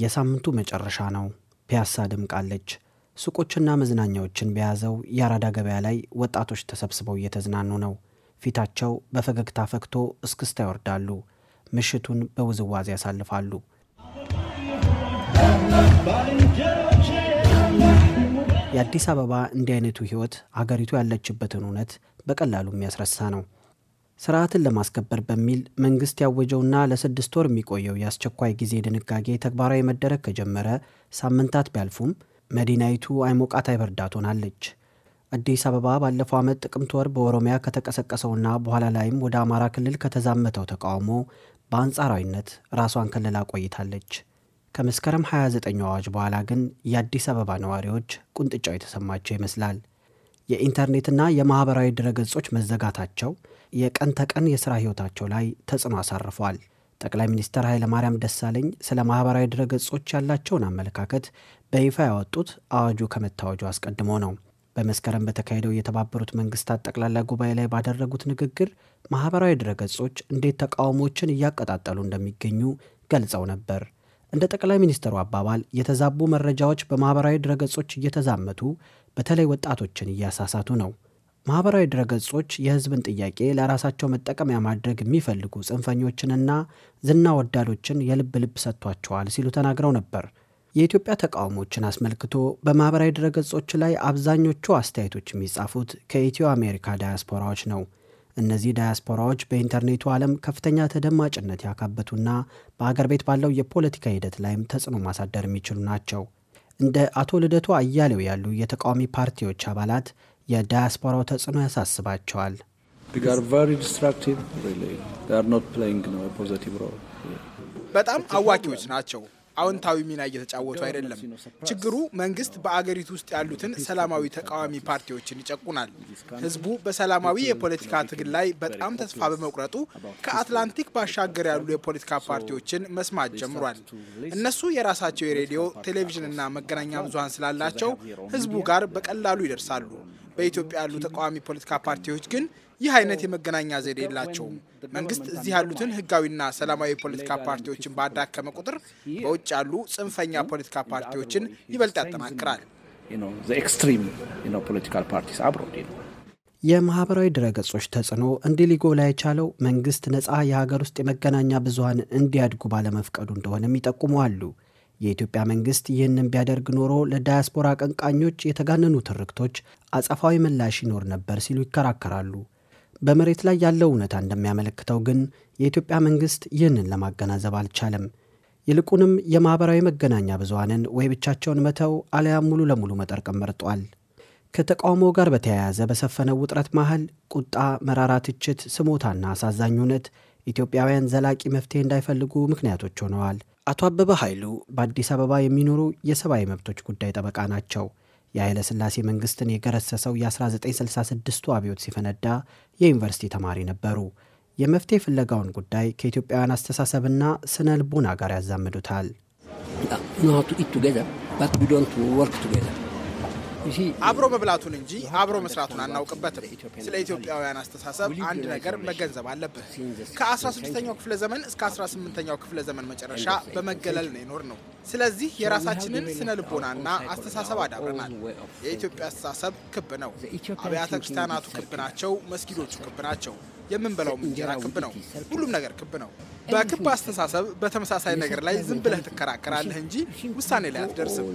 የሳምንቱ መጨረሻ ነው። ፒያሳ ደምቃለች። ሱቆችና መዝናኛዎችን በያዘው የአራዳ ገበያ ላይ ወጣቶች ተሰብስበው እየተዝናኑ ነው። ፊታቸው በፈገግታ ፈክቶ እስክስታ ይወርዳሉ። ምሽቱን በውዝዋዜ ያሳልፋሉ። የአዲስ አበባ እንዲህ አይነቱ ሕይወት አገሪቱ ያለችበትን እውነት በቀላሉ የሚያስረሳ ነው። ስርዓትን ለማስከበር በሚል መንግስት ያወጀውና ለስድስት ወር የሚቆየው የአስቸኳይ ጊዜ ድንጋጌ ተግባራዊ መደረግ ከጀመረ ሳምንታት ቢያልፉም መዲናይቱ አይሞቃት አይበርዳት ሆናለች። አዲስ አበባ ባለፈው ዓመት ጥቅምት ወር በኦሮሚያ ከተቀሰቀሰውና በኋላ ላይም ወደ አማራ ክልል ከተዛመተው ተቃውሞ በአንጻራዊነት ራሷን ከልላ ቆይታለች። ከመስከረም 29 አዋጅ በኋላ ግን የአዲስ አበባ ነዋሪዎች ቁንጥጫው የተሰማቸው ይመስላል። የኢንተርኔትና የማኅበራዊ ድረገጾች መዘጋታቸው የቀን ተቀን የሥራ ሕይወታቸው ላይ ተጽዕኖ አሳርፏል። ጠቅላይ ሚኒስትር ኃይለማርያም ደሳለኝ ስለ ማኅበራዊ ድረገጾች ያላቸውን አመለካከት በይፋ ያወጡት አዋጁ ከመታወጁ አስቀድሞ ነው። በመስከረም በተካሄደው የተባበሩት መንግስታት ጠቅላላ ጉባኤ ላይ ባደረጉት ንግግር ማኅበራዊ ድረገጾች እንዴት ተቃውሞችን እያቀጣጠሉ እንደሚገኙ ገልጸው ነበር። እንደ ጠቅላይ ሚኒስትሩ አባባል የተዛቡ መረጃዎች በማኅበራዊ ድረገጾች እየተዛመቱ በተለይ ወጣቶችን እያሳሳቱ ነው። ማኅበራዊ ድረገጾች የሕዝብን ጥያቄ ለራሳቸው መጠቀሚያ ማድረግ የሚፈልጉ ጽንፈኞችንና ዝና ወዳዶችን የልብ ልብ ሰጥቷቸዋል ሲሉ ተናግረው ነበር። የኢትዮጵያ ተቃውሞችን አስመልክቶ በማኅበራዊ ድረገጾች ላይ አብዛኞቹ አስተያየቶች የሚጻፉት ከኢትዮ አሜሪካ ዳያስፖራዎች ነው። እነዚህ ዳያስፖራዎች በኢንተርኔቱ ዓለም ከፍተኛ ተደማጭነት ያካበቱና በሀገር ቤት ባለው የፖለቲካ ሂደት ላይም ተጽዕኖ ማሳደር የሚችሉ ናቸው። እንደ አቶ ልደቱ አያሌው ያሉ የተቃዋሚ ፓርቲዎች አባላት የዳያስፖራው ተጽዕኖ ያሳስባቸዋል። በጣም አዋኪዎች ናቸው። አዎንታዊ ሚና እየተጫወቱ አይደለም። ችግሩ መንግስት በአገሪቱ ውስጥ ያሉትን ሰላማዊ ተቃዋሚ ፓርቲዎችን ይጨቁናል። ህዝቡ በሰላማዊ የፖለቲካ ትግል ላይ በጣም ተስፋ በመቁረጡ ከአትላንቲክ ባሻገር ያሉ የፖለቲካ ፓርቲዎችን መስማት ጀምሯል። እነሱ የራሳቸው የሬዲዮ ቴሌቪዥንና መገናኛ ብዙሀን ስላላቸው ህዝቡ ጋር በቀላሉ ይደርሳሉ። በኢትዮጵያ ያሉ ተቃዋሚ ፖለቲካ ፓርቲዎች ግን ይህ አይነት የመገናኛ ዘዴ የላቸውም። መንግስት እዚህ ያሉትን ህጋዊና ሰላማዊ የፖለቲካ ፓርቲዎችን ባዳከመ ቁጥር በውጭ ያሉ ጽንፈኛ ፖለቲካ ፓርቲዎችን ይበልጥ ያጠናክራል። የማህበራዊ ድረገጾች ተጽዕኖ እንዲህ ሊጎላ የቻለው መንግስት ነፃ የሀገር ውስጥ የመገናኛ ብዙሀን እንዲያድጉ ባለመፍቀዱ እንደሆነም ይጠቁመዋሉ። የኢትዮጵያ መንግስት ይህንን ቢያደርግ ኖሮ ለዳያስፖራ አቀንቃኞች የተጋነኑ ትርክቶች አጸፋዊ ምላሽ ይኖር ነበር ሲሉ ይከራከራሉ። በመሬት ላይ ያለው እውነታ እንደሚያመለክተው ግን የኢትዮጵያ መንግስት ይህንን ለማገናዘብ አልቻለም። ይልቁንም የማኅበራዊ መገናኛ ብዙሃንን ወይ ብቻቸውን መተው አለያም ሙሉ ለሙሉ መጠርቀም መርጧል። ከተቃውሞ ጋር በተያያዘ በሰፈነው ውጥረት መሃል ቁጣ፣ መራራ ትችት፣ ስሞታና አሳዛኝ እውነት ኢትዮጵያውያን ዘላቂ መፍትሄ እንዳይፈልጉ ምክንያቶች ሆነዋል። አቶ አበበ ኃይሉ በአዲስ አበባ የሚኖሩ የሰብአዊ መብቶች ጉዳይ ጠበቃ ናቸው። የኃይለ ሥላሴ መንግስትን የገረሰሰው የ1966ቱ አብዮት ሲፈነዳ የዩኒቨርሲቲ ተማሪ ነበሩ። የመፍትሄ ፍለጋውን ጉዳይ ከኢትዮጵያውያን አስተሳሰብና ስነ ልቦና ጋር ያዛምዱታል። አብሮ መብላቱን እንጂ አብሮ መስራቱን አናውቅበትም። ስለ ኢትዮጵያውያን አስተሳሰብ አንድ ነገር መገንዘብ አለብህ። ከ16ኛው ክፍለ ዘመን እስከ 18ኛው ክፍለ ዘመን መጨረሻ በመገለል ነው የኖር ነው። ስለዚህ የራሳችንን ስነ ልቦናና አስተሳሰብ አዳብረናል። የኢትዮጵያ አስተሳሰብ ክብ ነው። አብያተ ክርስቲያናቱ ክብ ናቸው። መስጊዶቹ ክብ ናቸው። የምንበላው እንጀራ ክብ ነው። ሁሉም ነገር ክብ ነው። በክብ አስተሳሰብ በተመሳሳይ ነገር ላይ ዝም ብለህ ትከራከራለህ እንጂ ውሳኔ ላይ አትደርስም።